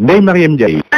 Nay Mariam Jai.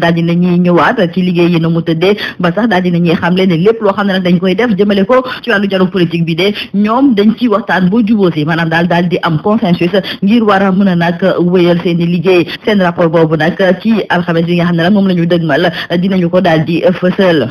daal di nañuy ñëwaat ci liggéey yi na mu tëddee ba sax daal di nañuy xamle ne lépp loo xam ne nag dañ koy def jëmale ko ci wàllu dialogue politique bi de ñoom dañ ciy waxtaan boo juboo si maanaam daal daal di am consensus ngir war a mën a nag wéyal seen i liggéey seen rapport boobu nag ci alxames bi nga xam ne nag moom ko daal di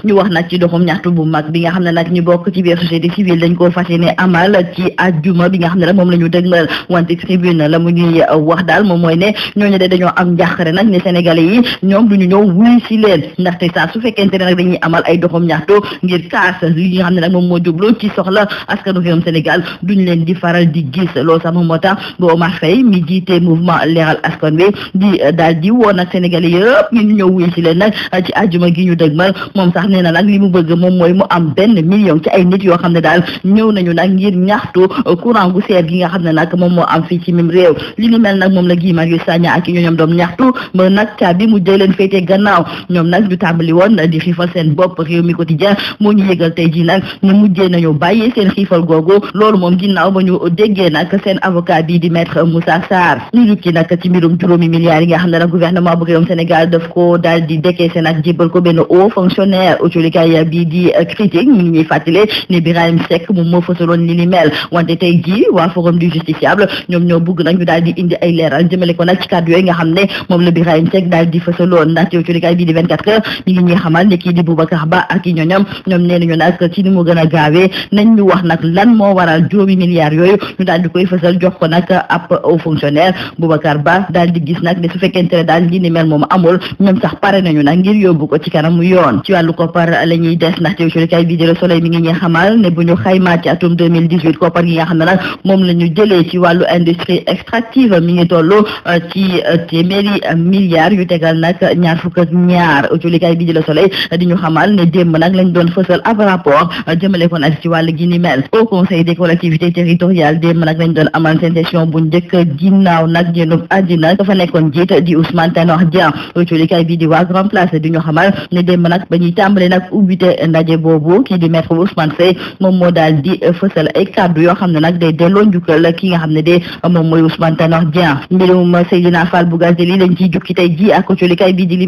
ñu wax nag ci doxum ñaxtu bu mag bi nga xam ne nag ñu bokk ci biir société civile dañ koo fas yéene amal ci ajjuma bi nga xam ne nag moom la ñu dëgmal wante tribune la mu ñuy wax daal moom mooy ne ñooñu de dañoo am njàqare nag ne sénégalais yi ñoom duñu ñëw ñëw wuy si leen ndaxte saa su fekkente ne nag dañuy amal ay doxam ñaxto ngir kaas li xam ne nag moom moo jublu ci soxla askanu réewum Sénégal duñ leen di faral di gis loolu sax moom moo tax ba Omar Faye mi jiite mouvement leeral askan wi di daal di woon ak Sénégalais yëpp ñu ñëw wuy si leen nag ci àjjuma gi ñu dëgmal moom sax nee na nag li mu bëgg moom mooy mu am benn million ci ay nit yoo xam ne daal ñëw nañu nag ngir ñaxtu courant gu seer gi nga xam ne nag moom moo am fii ci mim réew li ni mel nag moom la Guy Marius Sagna ak ñooñam doom ñaxtu ba nag caabi mu jëleen féetee gannaaw ñoom nag du li woon di xiifal seen bopp réew mi quotidien moo ñu yëgal tey ji nag ñu mujjee nañu bàyyi seen xiifal googu loolu moom ginnaaw ba ñu déggee nag seen avocat bi di maître Moussa Sarr ñu jukki nag ci mbirum juróomi milliards yi nga xam ne nag gouvernement bu réewum Sénégal daf ko daal di décaissé nag jébal ko benn haut fonctionnaire autolikaay bi di critique ñu ngi ñuy fàttali ne Birahim Seck moom moo fësaloon mel ñu daal di indi ay leeral ko nag ci kàddu yooyu nga xam ne moom la Birahim Seck daal di fësaloon ndax ci yëglekaay bii di 24 heures ñu ngi ñuy xamal ne kii di Boubacar Ba ak i ñoñam ñoom nee nañu nag ci ni mu gën a gaawee nañ ñu wax nag lan moo waral juróomi milliards yooyu ñu daal di koy fësal jox ko nag ab au fonctionnaire Boubacar Ba daal di gis nag ne su fekkente ne daal li ni mel moom amul ñoom sax pare nañu nag ngir yóbbu ko ci kanamu yoon ci wàllu koppar la ñuy des ndaxte yëglekaay bii di Le Soleil mi ngi ñuy xamal ne bu ñu xaymaa ci atum 2018 koppar gi nga xam ne nag moom la ñu jëlee ci wàllu industrie extractive mi ngi toll euh, ci euh, téeméeri milliards yu tegal nag ñaar fukk ak ñaar julikaay bi di di ñu xamal ne dem nak lañ doon fësal ab rapport jëmale ko nag ci wàll gi ni mel au conseil des collectivités territoriales dem nak lañ doon amal seen session bu njëkk ginnaaw nag génnub àddina fa nekkon jita di Ousmane Tanor Dieng julikaay bi di wa grand place di ñu xamal ne dem nak ba ñuy nak nag ndaje bobu ki di maître Ousmane sey mom mo dal di fësal ay kàddu yoo xam ne day delo njukkal ki nga xamne ne de moom mooy Ousmane Tanor dia mbirum Seydina Fall bu gazeli lañ ci jukki tay ji ak julikaay bi di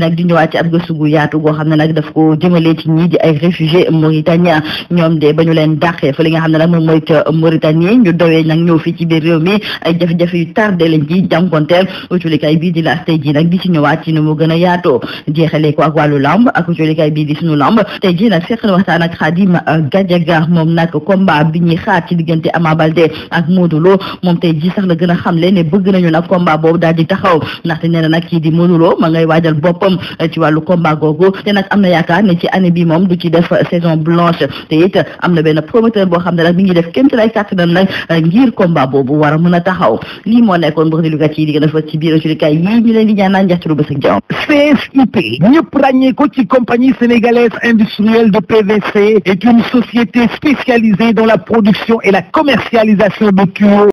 nag di ñëwaat ci ab gëstu gu yaatu goo xam ne nag daf ko jëmale ci ñii di ay réfugié mauritanien ñoom de ba ñu leen dàqee fa li nga xam ne nag moom mooy ca Mauritanie ñu dawee nag ñëw fii ci biir réew mi ay jafe-jafe yu tardé lañ ci jànkonteel uculikaay bii di laas tey ji nag di ci ñëwaat ci nu mu gën a yaatoo jeexalee ko ak wàllu lamb ak uculikaay bii di suñu lamb tey ji nag seq na waxtaan ak Khadim Gadiaga moom nag combat bi ñuy xaar ci diggante Ama Baldé ak Modou Lo moom tey ji sax la gën a xamle ne bëgg nañu nag combat boobu daal di taxaw ndaxte nee na nag kii di Modou Lo ma ngay waajal boppam koom ci wàllu combat gogo té nak amna yakar né ci année bi mom du ci def euh, saison blanche té it euh, amna ben promoteur bo xamné nak mi ngi def kémti lay nan nak euh, ngir combat bobu wara mëna taxaw li mo lii moo nekkoon bor di lukat yi di gën a fës ci biir julikaay yi ñu leen di ñaan naan njaxtulu ba sëg jawam CSIP ñepp rañé ko ci compagnie sénégalaise industrielle de PVC est une société spécialisée dans la production et la commercialisation de tuyaux